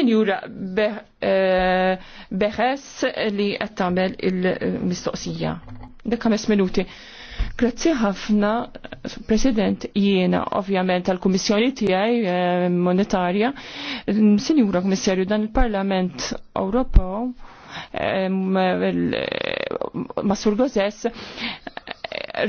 Senjura Beħes eh, li qed tagħmel il-mistoqsija. Dekka mes minuti. Grazzi ħafna, President, jiena ovvjament tal-Kummissjoni tiegħi eh, monetarja, Senjura Kummissarju dan il-Parlament Ewropew eh, Masur Gozes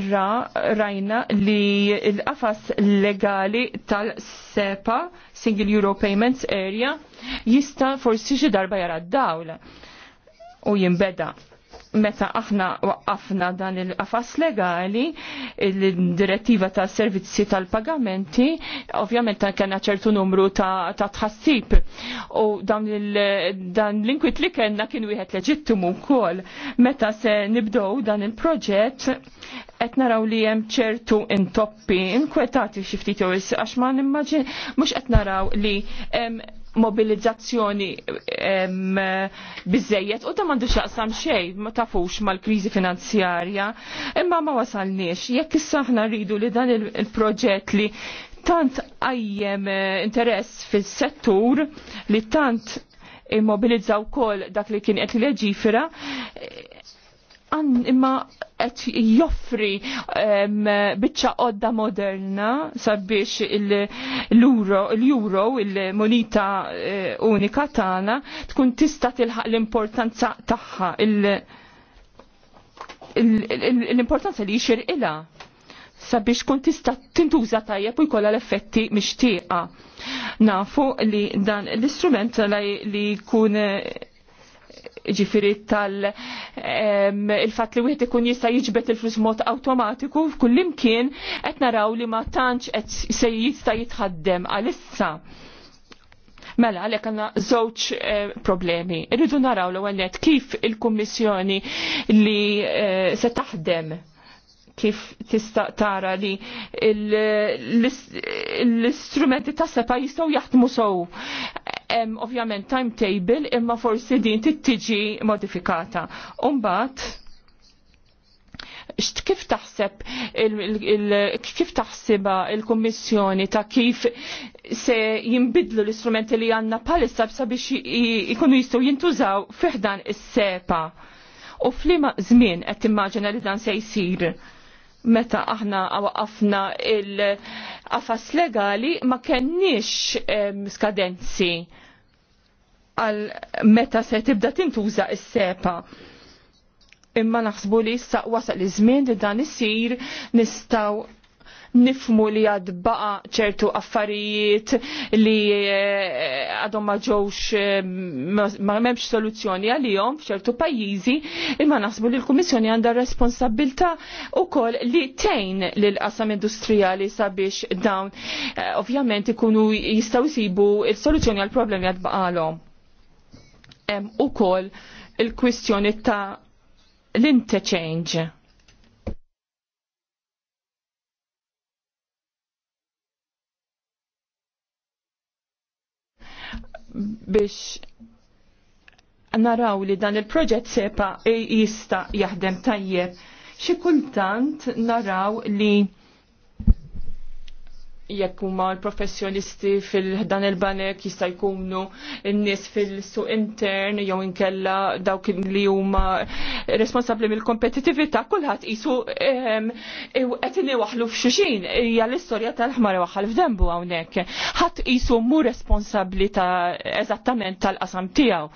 ra rajna li l-qafas legali tal-SEPA, Single Euro Payments Area, jista forsi xi darba jara d-dawla u jimbeda meta aħna waqqafna dan il-qafas legali, il-direttiva ta' servizzi tal-pagamenti, ovvjament ta' kena ċertu numru ta', ta tħassib. U dan l-inkwit li kena kien wieħed leġittimu wkoll meta se nibdow dan il-proġett qed naraw li hemm ċertu intoppi, inkwetati xi ftit jew għax ma nimmaġin mhux qed naraw li hemm mobilizzazzjoni bizzejiet u ta' mandu xaqsam xej, ma tafux mal-krizi finanzjarja, imma ma wasalniex, jekk issa ħna rridu li dan il-proġett li tant għajjem eh, interess fil-settur li tant immobilizzaw kol dak li kien qed leġifera, imma qed joffri biċċa qodda moderna sabiex l-euro, l-euro, il-monita e, unika tagħna tkun tista' tilħaq l-importanza tagħha l-importanza li jixir ila sabiex kun tista tintuża tajjeb u jkollha l-effetti mixtieqa. Nafu li dan l-istrument li jkun ġifiri tal il-fat li wieħed ikun jista' jiġbed il-flus mod awtomatiku f'kull imkien qed naraw li ma tantx qed se jista' jitħaddem għalissa. Mela, għalek għanna zoċ eh, problemi. Irridu naraw l għannet kif il-Kommissjoni li eh, se taħdem kif tista' tara li l-istrumenti ta' sepa jistgħu jaħdmu sow ovvjament timetable imma forsi din tittiġi modifikata. Umbat, kif taħseb kif taħsiba il-Kommissjoni ta' kif se jimbidlu l-istrumenti li għanna palissa sabiex ikunu jistgħu jintużaw fiħdan is-sepa. U flima żmien qed timmaġina li dan se jsir meta aħna waqafna il-qafas legali ma kenniex skadenzi għal meta se tibda tintuża s sepa Imma naħsbu li issa wasal iż-żmien li dan isir nistgħu nifmu li għad baqa ċertu affarijiet li eh, għadhom ma ġewx eh, ma memx soluzzjoni għalihom f'ċertu pajjiżi, imma naħsbu li l-Kummissjoni għandha responsabilta kol li tejn l qasam industrijali sabiex dawn eh, ovvjament ikunu jistgħu jsibu il-soluzzjoni għal problemi għad għalom. U kol il-kwistjoni ta' l-interchange biex naraw li dan il-proġett sepa e jista jaħdem tajjeb. Xi kultant naraw li jekk huma l-professjonisti fil-dan il-banek jista' jkunu n-nies fil-suq intern jew inkella dawk li huma responsabbli mill-kompetittività kulħadd qisu qed waħlu f'xuxin hija l-istorja tal-ħmar waħal f'dembu hawnhekk. Ħadd qisu mu responsabbli ta' eżattament tal-qasam tiegħu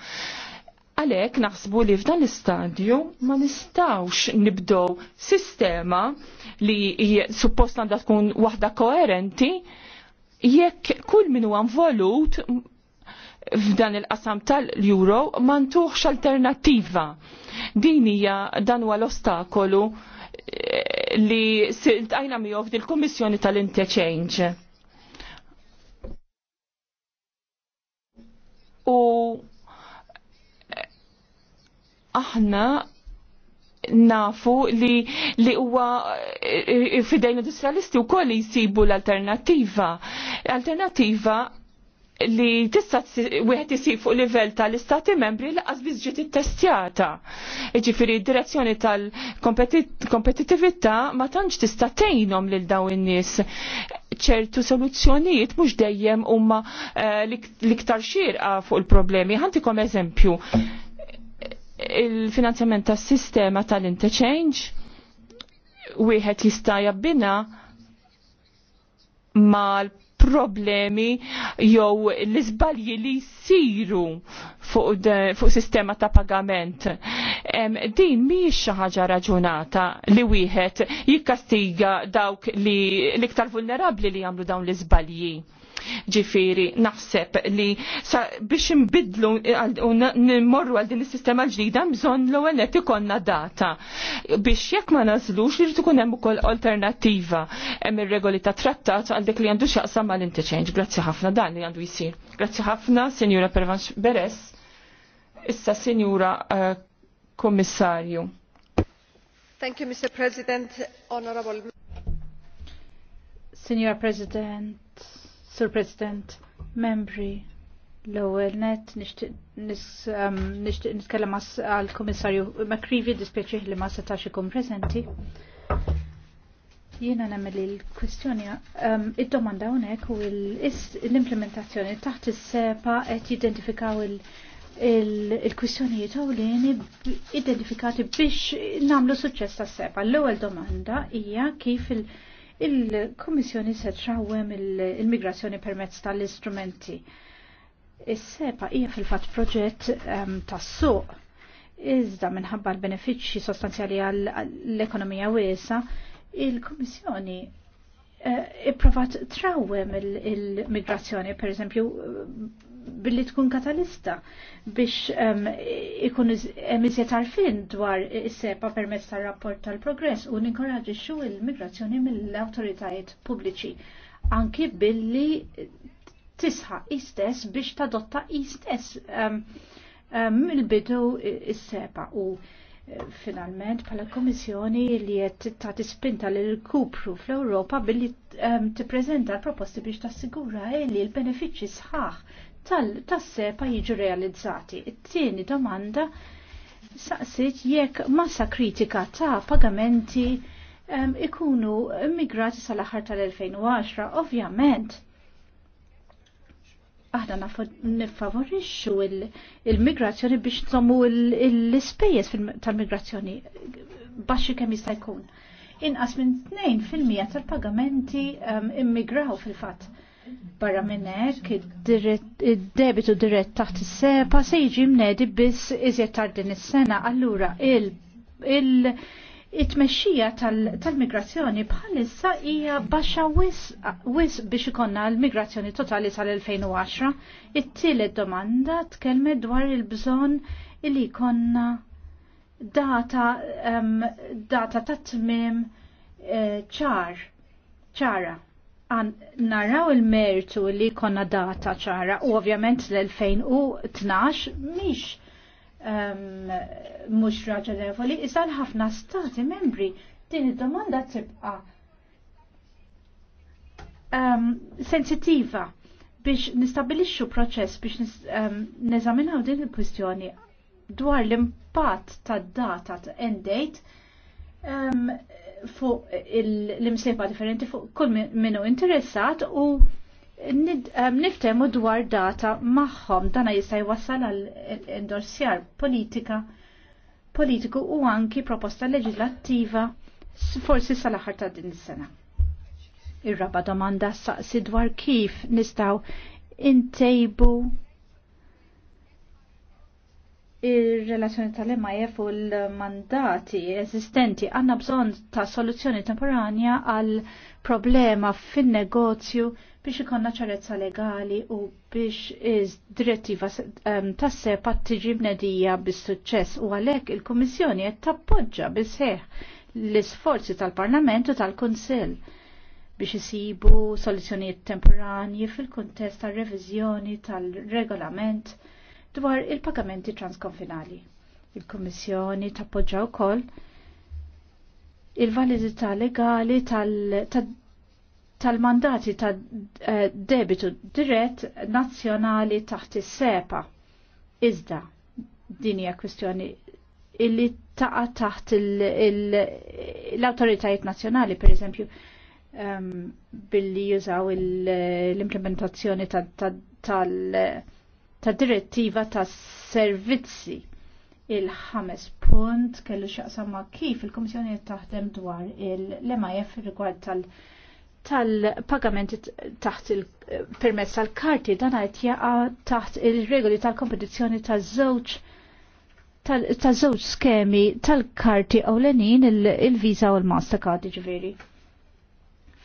Għalek naħsbu li f'dan l-istadju ma nistawx nibdow sistema li suppost għandha tkun waħda koerenti jekk kull min għan volut f'dan il-qasam tal-euro ma ntuħx alternattiva. Din hija dan huwa l-ostakolu eh, li mi miegħu f'dil-Kummissjoni tal-Interchange. U aħna nafu li li huwa eh, fidejn industrialisti wkoll jsibu l-alternattiva. Alternattiva li tista' wieħed isib fuq livell tal-istati membri laqas biss ġiet ittestjata. Jiġifieri d-direzzjoni tal-kompetittività ma tantx tista' tgħinhom lil dawn in-nies. ċertu soluzzjonijiet mhux dejjem huma eh, l-iktar xierqa fuq il-problemi. Ħantikom eżempju il-finanzjament tas sistema tal-interchange wieħed jista' jabbina mal problemi jew l-iżbalji li jsiru fuq, fuq sistema ta' pagament. Em, din mhijiex xi ħaġa raġunata li wieħed jikkastiga dawk li l-iktar vulnerabbli li jagħmlu dawn l-iżbalji Ġifiri, naħseb li biex imbidlu u għal din is-sistema ġdida bżonn l-ewwel qed ikollna data. Biex jekk ma nażlux irid ikun hemm ukoll alternattiva hemm ir-regoli ta' trattat għal dik li għandu x'jaqsam mal-interchange. Grazzi ħafna dan li għandu jsir. Grazzi ħafna, Sinjura Pervanx Beres. Issa Sinjura eh, Kommissarju. Thank you, Mr. President, Honorable Signor President, Sur President, membri, l-ewwel net nixtieq um, nitkellem għal kummissarju Makrivi dispjaċih li ma setax ikun presenti. Jiena nemmel il-kwistjoni um, id-domanda unek u l-implementazzjoni taħt is-sepa qed jidentifikaw il- il-kwissjonijiet il għawlini identifikati biex namlu suċċess tas sepa L-ewwel domanda hija kif il- il-Komissjoni se trawem il-migrazzjoni permezz tal-istrumenti. Is-sepa hija fil-fatt proġett ehm, tas-suq. Iżda minħabba l-benefiċċji sostanzjali għall-ekonomija wiesa, il-Komissjoni eh, ipprovat trawem il-migrazzjoni, per eżempju, billi tkun katalista biex um, ikun emizjet għarfin dwar is-sepa permezz tal-rapport tal-progress u ninkoraġixxu il-migrazzjoni mill-awtoritajiet pubbliċi anki billi tisħa istess biex tadotta istess um, um, il-bidu is-sepa u eh, finalment pala komissjoni li jett ta' tispinta l-kupru fl-Europa billi t-prezenta proposti biex tassigura li l-benefiċi sħaħ tas-sepa jiġu realizzati. It-tieni domanda saqsit jekk massa kritika ta' pagamenti um, ikunu immigrati sal-aħħar tal-2010, ovvjament. Aħna nifavorixxu il-migrazzjoni biex nżommu l-ispejjeż tal-migrazzjoni baxxi kemm jista' jkun. Inqas minn 2% tal-pagamenti um, immigraw fil-fatt Barra minnek, id-debitu dirett taħt is-sepa se jiġi mnedi biss iżjed tard din is-sena, allura il- il tal-migrazzjoni bħal bħalissa hija baxxa wis, biex ikonna l-migrazzjoni totali sal-2010. It-tielet domanda tkellmet dwar il-bżonn li jkollna data data ta' tmiem eh, ċar, ċara għan naraw il-mertu li konna data ċara u ovvjament l-2012 miex um, ehm, mux raġonevoli, issa l-ħafna stati membri din id-domanda tibqa um, sensitiva biex nistabilixxu proċess biex ehm, neżaminaw um, din il-kwistjoni dwar l-impatt tad-data end date um, fuq l-imsejba differenti fuq kull minnu interessat u niftemu dwar data maħħom dana jista' wassal għal endorsjar politika politiku u anki proposta leġislattiva forsi sal-aħħar ta' din is-sena. Ir-raba domanda saqsi dwar kif nistgħu intejbu ir-relazzjoni tal-MIF u l-mandati eżistenti għanna bżon ta' soluzzjoni temporanja għal problema fin negozju biex ikonna ċarezza legali u biex iz direttiva ehm, ta' sepa tiġi bnedija bis-suċċess u għalhekk il-Kummissjoni qed tappoġġa bisħeħ l-isforzi tal-Parlament u tal-Kunsill biex isibu soluzzjonijiet temporanji fil-kuntest tal-reviżjoni tal-regolament tal regolament dwar il-pagamenti transkonfinali. Il-Kommissjoni tappoġġa wkoll il-validità legali tal-mandati tal ta' eh, debitu dirett nazzjonali taħt is-sepa. Iżda din hija kwistjoni illi taqa taħt l-autoritajiet nazzjonali, per eżempju, ehm, billi jużaw l-implementazzjoni tal- ta' direttiva ta' servizzi. Il-ħames punt kellu xaqsam ma' kif il-Komissjoni taħdem dwar il-MIF rigward tal- pagamenti taħt il-permezz tal-karti dan għajt jaqa taħt il-regoli tal-kompetizzjoni tal-żewġ tal-żewġ skemi tal-karti ewlenin il-Visa u l-Mastercard ġifieri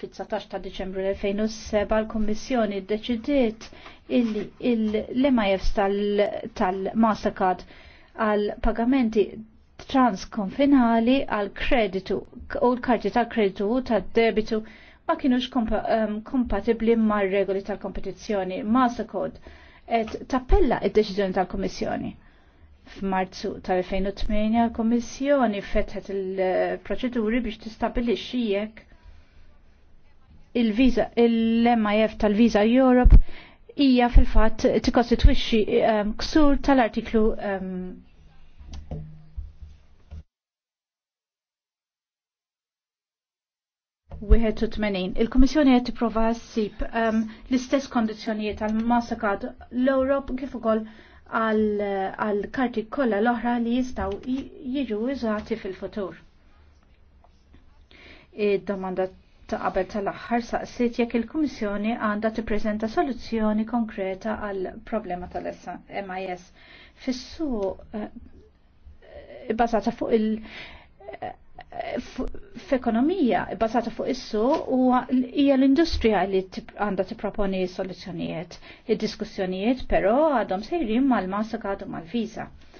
fit-19 ta' Deċembru 2007 l-Kommissjoni ddeċidiet illi l-MIFs tal-Mastercard għal pagamenti transkonfinali għal kreditu u l-karti tal-kreditu u tal-debitu ma kienux ehm, kompatibli mar regoli tal-kompetizzjoni. Mastercard et tappella id-deċiżjoni tal-Kommissjoni. F'Marzu tal-2008 l-Kommissjoni fetħet il-proċeduri biex tistabilixxi jekk il-visa, il-MIF tal-Visa Europe hija fil-fatt tikkostitwixxi um, ehm, ksur tal-artiklu um, wieħed u tmenin. Il-Kummissjoni qed tipprova ssib um, l-istess kondizzjonijiet għal massakad l-Ewrop kif ukoll għal karti kollha l-oħra li jistgħu jiġu użati fil-futur. Id-domanda ta' qabel tal-aħħar saqsiet jekk il-Kummissjoni għandha tippreżenta soluzzjoni konkreta għal problema tal-MIS fis fis-suq eh, bbażata fuq il- eh, f'ekonomija bbażata fuq issu u hija l-industrija li għandha tipproponi soluzzjonijiet. Id-diskussjonijiet però għadhom sejrin mal-Mastercard u mal-Visa. mal masa u mal viża mal mal visa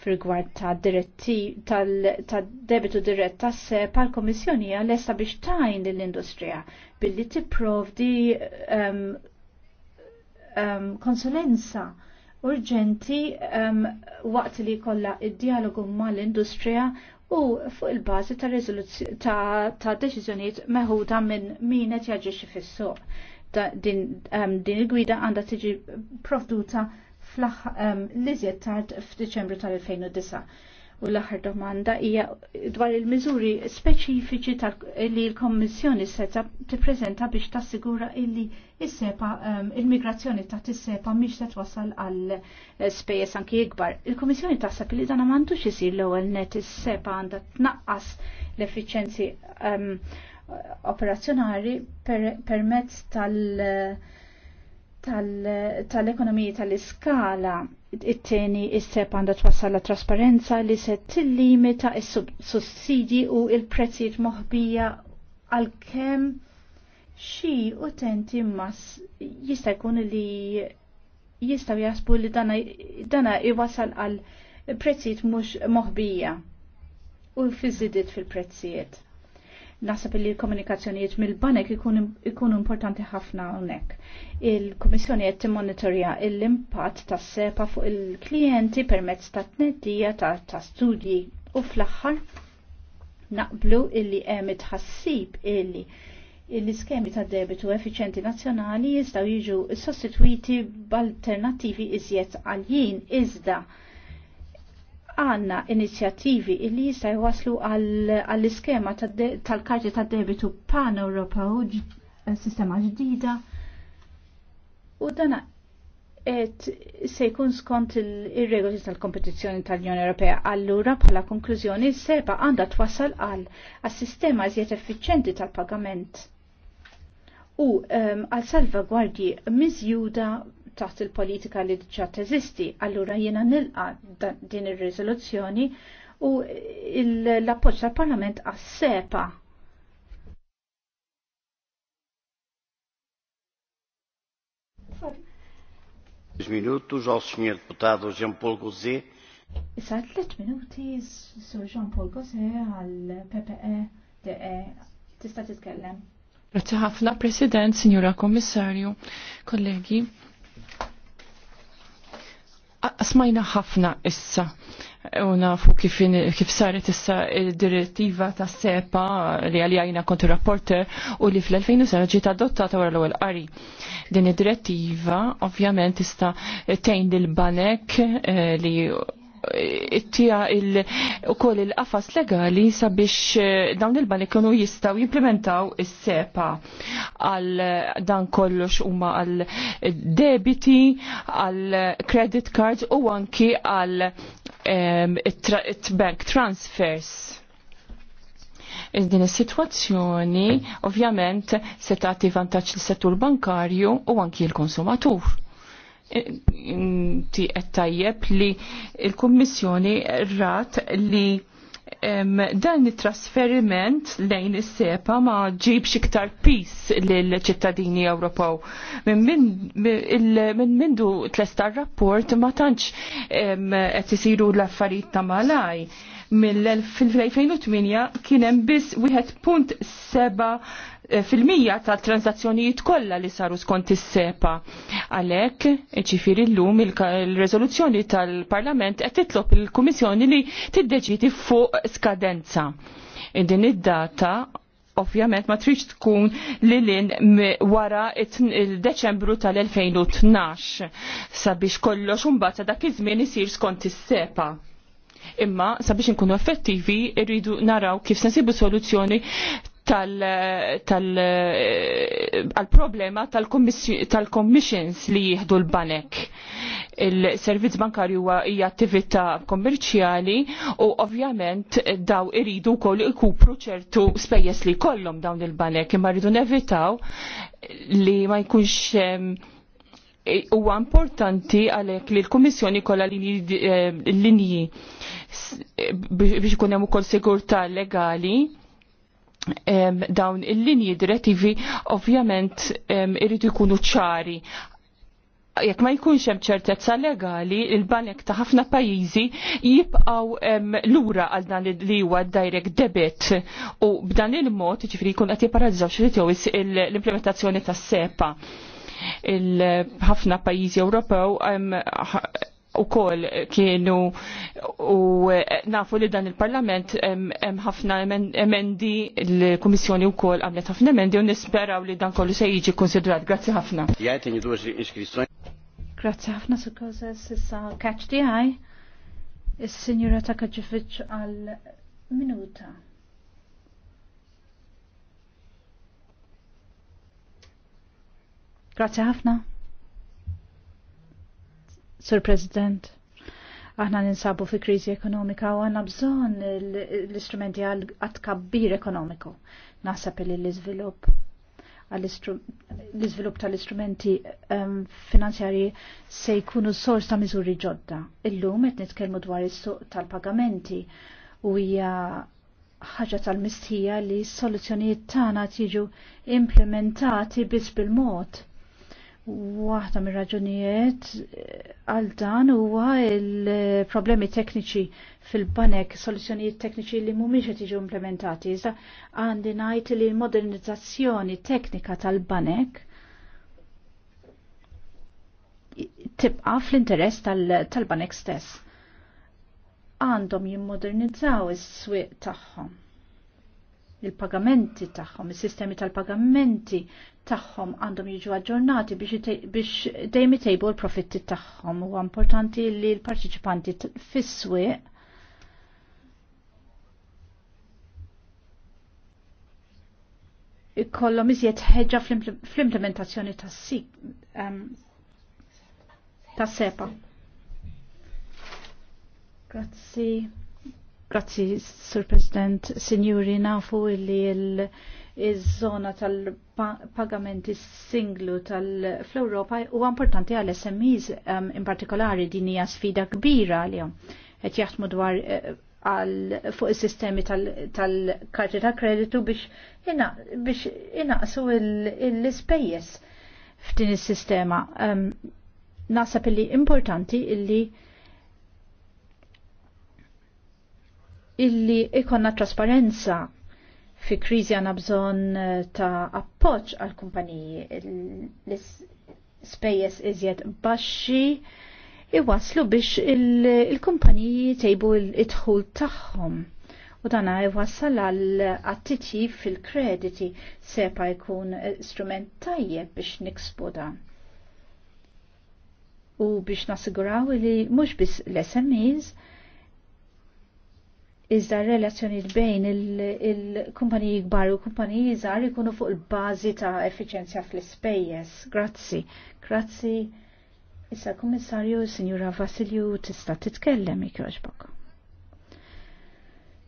F'rigward ta' diretti tal-debitu dirett ta' se pal-Komissjoni għal-essa biex tajn l-industrija billi tipprovdi um, um, konsulenza urġenti um, waqt li kolla id-dialogu mal-industrija u fuq il-bazi ta', ta, ta deċiżjonijiet meħuda minn min qed jaġixxi fis-suq. Din, um, din il-gwida għandha tiġi provduta l-iżjed tard f'Diċembru tal-2009. U l-aħħar domanda hija dwar il-miżuri speċifiċi li l-Kommissjoni seta tippreżenta biex tassigura illi is-sepa il-migrazzjoni ta' is-sepa mhix se twassal għal eh, spejjeż anki ikbar. Il-Kummissjoni taħseb li dan m'għandux isir l-ewwel net is-sepa għandha tnaqqas l-effiċjenzi operazzjonali permezz tal- tal-ekonomiji tal-iskala it-teni is-sep għandha twassal la trasparenza li se tillimita s-sussidi u il-prezzijiet moħbija għal kemm xi utenti mas jista' jkun li jistaw jasbu li dana, dana iwasal għal prezzijiet mhux moħbija u fiżidiet fil-prezzijiet Nasab li l-komunikazzjonijiet mill-banek ikunu importanti ħafna hawnhekk. Il-Kummissjoni qed timmonitorja l-impatt tas-sepa fuq il-klijenti permezz ta' tneddija ta' ta' studji u fl-aħħar naqblu illi hemm ħassib illi l-iskemi ta' debitu effiċenti nazzjonali jistgħu jiġu sostituiti b'alternattivi iżjed għaljin iżda. Iz għanna inizjattivi illi jista' jwaslu għall-iskema tal-karti tad-debitu pan u eh, sistema ġdida u dana et se jkun skont il-regoli tal-kompetizzjoni tal-Unjoni Ewropea. Allura bħala konklużjoni seba għandha twassal għal għas-sistema żjed effiċjenti tal-pagament u ehm, għal salvagwardji miżjuda taħt il-politika li ġa teżisti, allura jiena nilqa din ir-riżoluzzjoni u l-appoġġ tal-Parlament għas-sepa Jean-Paul Issa tliet minuti, su Jean-Paul Gauzet, għal PPE, DE, e. tista' titkellem. Grazie ħafna, President, Signora Kommissarju, kollegi. Smajna ħafna issa u nafu kif, kif saret issa il-direttiva ta' sepa li għalijajna kontu rapporter u li fl-2007 ġiet adottata wara l-ewwel qari. Din id-direttiva ovvjament tista' tgħin lil banek eh, li ittija u koll il-qafas legali sabiex eh, dawn il-bani kienu jistaw jimplementaw is-sepa għal dan kollox huma għal debiti, għal credit cards u anki għal bank transfers. Din is-sitwazzjoni ovvjament se tagħti vantaġġ lis settur bankarju u anki l-konsumatur inti qed tajjeb li l-Kummissjoni rat li dan it-trasferiment lejn is-sepa ma ġibx iktar pis lill-ċittadini Ewropew. Minn mindu tlesta rapport ma tantx qed isiru l-affarijiet ta' malaj. Mill-2008 kien hemm biss wieħed punt seba' fil-mija tal-transazzjonijiet kollha li saru skont is-sepa. Għalhekk, ċifieri llum il-reżoluzzjoni tal-Parlament qed titlob il-Kummissjoni li tiddeċidi fuq skadenza. Din id-data ovvjament ma tridx tkun li lin wara il-Deċembru tal-2012 sabiex kollox imbagħad dak iż-żmien isir skont is-sepa imma sabiex nkunu effettivi irridu naraw kif sensibu soluzzjoni tal-problema tal, tal-commissions li jieħdu l-banek. Il-servizz bankarju hija attività kommerċjali u ovvjament daw iridu wkoll ikupru ċertu spejjeż li kollhom dawn il-banek imma rridu nevitaw li ma jkunx e, huwa importanti għalhekk li l-Kummissjoni kollha linji eh, biex ikun hemm ukoll sigurtà legali dawn il-linji direttivi ovvjament irridu jkunu ċari jekk ma jkunx hemm ċertezza legali, il-banek ta' ħafna pajjiżi jibqgħu lura għal dan li huwa direct debit u b'dan il-mod jiġifieri jkun qed jipparalizzaw xi l-implementazzjoni tas-sepa ħafna pajjiżi Ewropew u kol kienu u eh, nafu li dan il-parlament hemm ħafna emendi l-Kummissjoni u kol għamlet ħafna emendi u nisperaw li dan kollu se jiġi konsidrat. Grazzi ħafna. Grazzi ħafna su koza sissa catch the eye. Is-Sinjura Takaġifiċ għal minuta. Grazzi ħafna. Sur President aħna ninsabu fi kriżi ekonomika u għanna bżon l-istrumenti għal għatkabbir ekonomiku. Nasab li l-izvilup l-izvilup tal-istrumenti um, ehm, finanzjari se jkunu sors ta' miżuri ġodda. Illum qed nitkellmu dwar is-suq tal-pagamenti u hija ħaġa tal-mistija li s-soluzzjonijiet tagħna tiġu implementati biss bil-mod Waħda mir raġunijiet eh, għal dan huwa il-problemi tekniċi fil-banek, soluzzjonijiet tekniċi li mhumiex qed jiġu implementati. Iżda għandi ngħid li l-modernizzazzjoni teknika tal-banek tibqa' fl-interess tal-banek stess. Għandhom jimmodernizzaw is-swieq tagħhom il-pagamenti tagħhom, is-sistemi tal-pagamenti tagħhom għandhom jiġu aġġornati biex dejjem itejbu l-profitti tagħhom. Huwa importanti li l parteċipanti fis-swieq ikollhom iżjed ħeġġa fl-implementazzjoni tas-sik ehm, tas-sepa. Grazzi. Grazzi, Sir President. Signori, nafu li il-zona tal-pagamenti singlu tal-Europa u importanti għal SMEs um, in partikolari din hija sfida kbira għalihom. Et jaħdmu dwar eh, għal fuq is-sistemi tal-karti ta' kreditu biex biex il l-ispejjeż f'din is-sistema. Um, Nasab importanti illi illi ikonna trasparenza fi krizi għana bżon eh, ta' appoċ għal kumpaniji l-spejjes iżjed baxxi iwaslu biex il-kumpaniji tejbu l-idħul tagħhom. U dana jwassal għal attiti fil-krediti sepa jkun eh, strument tajjeb biex nikspoda. U biex nasiguraw li mhux biss l-SMEs iżda relazzjonijiet bejn il-kumpaniji kbar u kumpaniji żgħar ikunu fuq il-bażi ta' effiċenzja fl-ispejjeż. Grazzi. Grazzi. Issa kummissarju Sinjura Vasilju tista' titkellem ikjoġbok.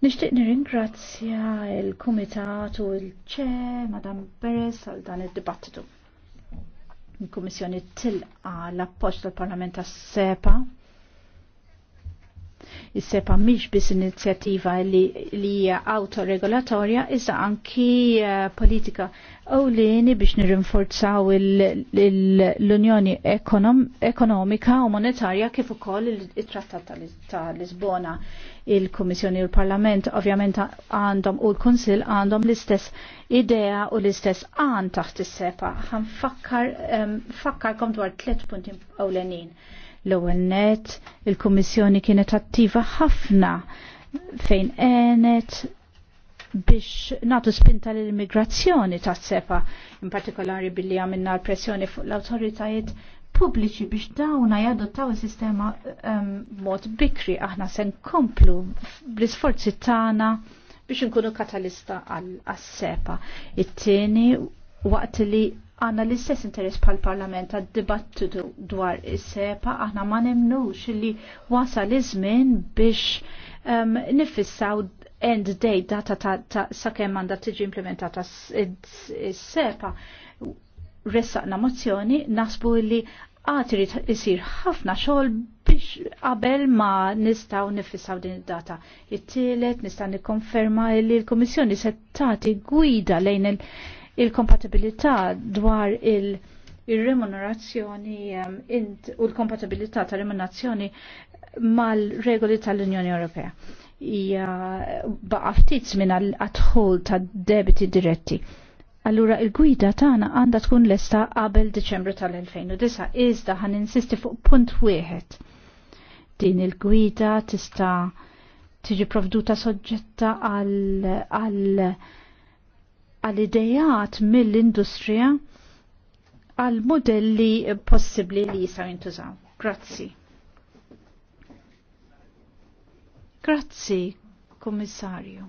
Nixtieq nirringrazzja il-Kumitat u l-ċe Madam Beres għal dan id-dibattitu. Il-Kummissjoni tilqa l-appoġġ tal-Parlament tas-SEPA Is-sepa mhix biss inizjattiva li hija autoregolatorja iżda anki eh, politika ewlieni biex nirrinforzaw l-Unjoni Ekonomika u Monetarja kif ukoll it-Trattat ta' Lisbona. Il-Kummissjoni u l-Parlament ovvjament għandhom u l-Kunsill għandhom l-istess idea u l-istess għan taħt is-sepa. Ħanfakkar fakkarkom dwar tliet punti ewlenin L-ewwel net il-Kummissjoni kienet attiva ħafna fejn għenet biex natu spinta l-immigrazzjoni ta' sepa, in partikolari billi għamilna l-pressjoni fuq l-autoritajiet pubbliċi biex dawna jadottaw sistema um, ehm, mod bikri aħna sen komplu bl-isforzi tagħna biex nkunu katalista għal-sepa. It-tieni waqt li għanna l-istess interess pal parlament għad dibattitu dwar is-sepa, aħna ma nemnux li wasal iż-żmien biex um, nifissaw end date data ta', ta, sakemm għandha tiġi implementata s sepa Ressaqna mozzjoni, nasbu li għatri jisir ħafna xogħol biex qabel ma nistaw nifissaw din id-data. It-tielet nista' nikkonferma li l-Kummissjoni se tagħti gwida lejn il- il-kompatibilità dwar il- il-remunerazzjoni um, u l-kompatibilità ta' remunerazzjoni mal-regoli tal-Unjoni Ewropea. Ija baqa ftit l għadħol ta' debiti diretti. Allura il-gwida tagħna għandha tkun lesta qabel Diċembru tal-2009 iżda ħan insisti fuq punt wieħed. Din il-gwida tista' tiġi provduta soġġetta għal għal-idejat mill-industrija għal-modelli possibli li jisaw jintużaw. Grazzi. Grazzi, komissarju.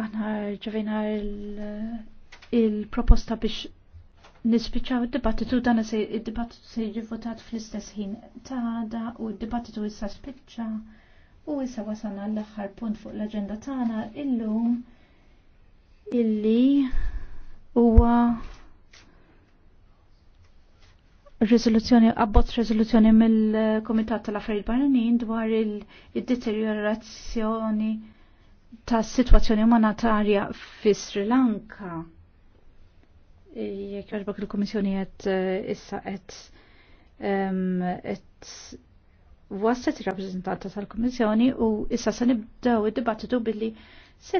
Aħna ġavina il-proposta il biex nispiċaw id-dibattitu dan id-dibattitu se jivvotat fl-istess ħin ta' għada u id dibattitu issa spiċċa u issa wasalna l-aħħar punt fuq l-aġenda tagħna illum illi huwa riżoluzzjoni abbozz riżoluzzjoni mill-Komitat tal-Affarijiet Barranin dwar il-deteriorazzjoni tas-sitwazzjoni umanitarja fi Sri Lanka jek għarbak il-Komissjoni għed eh, issa għed għed il-rappresentanta tal-Komissjoni u issa se nibdew id-dibattitu billi